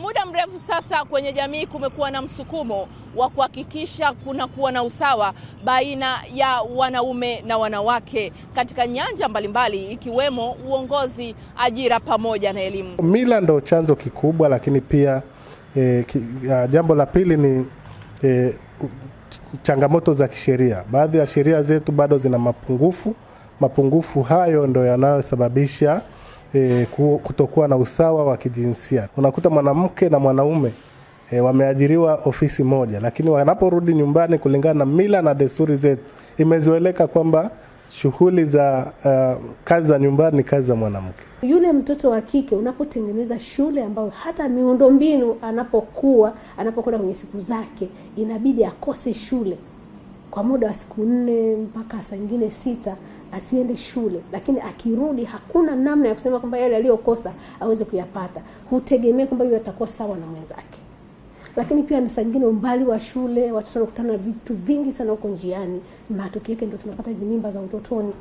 muda mrefu sasa kwenye jamii kumekuwa na msukumo wa kuhakikisha kuna kuwa na usawa baina ya wanaume na wanawake katika nyanja mbalimbali ikiwemo uongozi, ajira pamoja na elimu. Mila ndo chanzo kikubwa, lakini pia e, ki, a, jambo la pili ni e, changamoto za kisheria. Baadhi ya sheria zetu bado zina mapungufu. Mapungufu hayo ndo yanayosababisha e, kutokuwa na usawa wa kijinsia. Unakuta mwanamke na mwanaume e, wameajiriwa ofisi moja, lakini wanaporudi nyumbani, kulingana na mila na desturi zetu, imezoeleka kwamba shughuli za uh, kazi za nyumbani ni kazi za mwanamke. Yule mtoto wa kike unapotengeneza shule ambayo hata miundombinu anapokuwa anapokwenda kwenye siku zake inabidi akose shule kwa muda wa siku nne mpaka saa ingine sita asiende shule, lakini akirudi hakuna namna ya kusema kwamba yale aliyokosa aweze kuyapata. Hutegemee kwamba yeye atakuwa sawa na mwenzake. Lakini pia na sangine umbali wa shule, watoto wanakutana na vitu vingi sana huko njiani. Matokeo yake ndio tunapata hizi mimba za utotoni,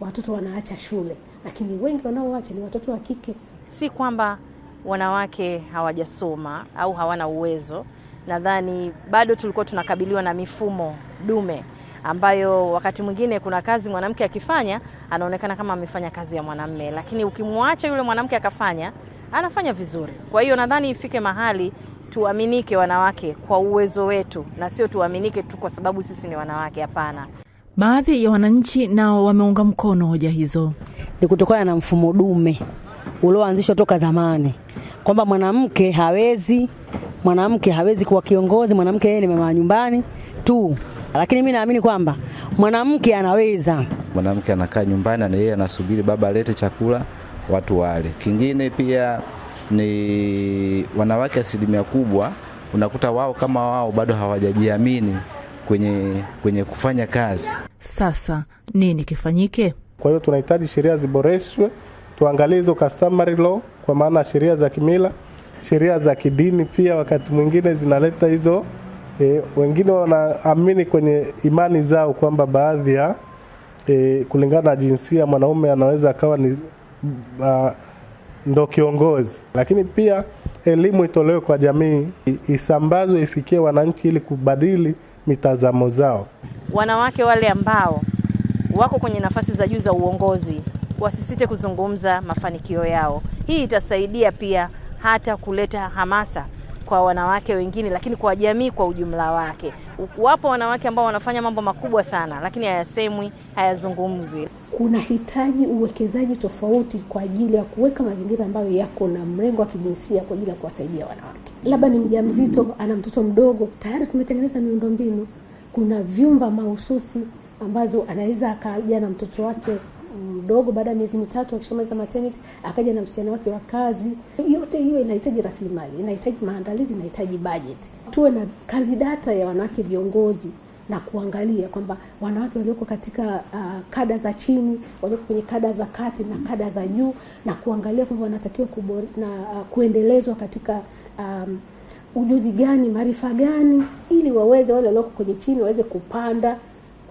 watoto wanaacha shule, lakini wengi wanaoacha ni watoto wa kike. Si kwamba wanawake hawajasoma au hawana uwezo, nadhani bado tulikuwa tunakabiliwa na mifumo dume ambayo wakati mwingine kuna kazi mwanamke akifanya anaonekana kama amefanya kazi ya mwanamme, lakini ukimwacha yule mwanamke akafanya, anafanya vizuri. Kwa hiyo nadhani ifike mahali tuaminike wanawake kwa uwezo wetu, na sio tuaminike tu kwa sababu sisi ni wanawake. Hapana. Baadhi ya wananchi nao wameunga mkono hoja hizo. Ni kutokana na mfumo dume ulioanzishwa toka zamani kwamba mwanamke hawezi, mwanamke hawezi kuwa kiongozi, mwanamke yeye ni mama nyumbani tu lakini mimi naamini kwamba mwanamke anaweza, mwanamke anakaa nyumbani na yeye anasubiri baba alete chakula watu wale. Kingine pia ni wanawake, asilimia kubwa unakuta wao kama wao bado hawajajiamini kwenye, kwenye kufanya kazi. Sasa nini kifanyike? Kwa hiyo tunahitaji sheria ziboreshwe, tuangalie hizo customary law, kwa maana sheria za kimila, sheria za kidini pia wakati mwingine zinaleta hizo E, wengine wanaamini kwenye imani zao kwamba baadhi ya e, kulingana na jinsia mwanaume anaweza akawa ni a, ah, ndo kiongozi, lakini pia elimu itolewe kwa jamii, isambazwe, ifikie wananchi ili kubadili mitazamo zao. Wanawake wale ambao wako kwenye nafasi za juu za uongozi wasisite kuzungumza mafanikio yao. Hii itasaidia pia hata kuleta hamasa kwa wanawake wengine, lakini kwa jamii kwa ujumla wake. Wapo wanawake ambao wanafanya mambo makubwa sana, lakini hayasemwi, hayazungumzwi. Kuna hitaji uwekezaji tofauti kwa ajili ya kuweka mazingira ambayo yako na mrengo wa kijinsia kwa ajili ya kuwasaidia wanawake. Labda ni mjamzito, ana mtoto mdogo, tayari tumetengeneza miundombinu, kuna vyumba mahususi ambazo anaweza akaja na mtoto wake mdogo, baada ya miezi mitatu akishamaliza maternity akaja na msichana wake wa kazi. Yote hiyo inahitaji rasilimali, inahitaji maandalizi, inahitaji budget. Tuwe na kazi data ya wanawake viongozi na kuangalia kwamba wanawake walioko katika uh, kada za chini, walioko kwenye kada za kati na kada za juu, na kuangalia kwamba wanatakiwa na uh, kuendelezwa katika um, ujuzi gani, maarifa gani, ili waweze wale walioko kwenye chini waweze kupanda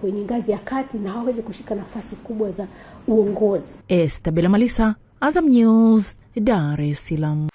kwenye ngazi ya kati na hawawezi kushika nafasi kubwa za uongozi. Esta Bela Malisa, Azam News, Dar es Salaam.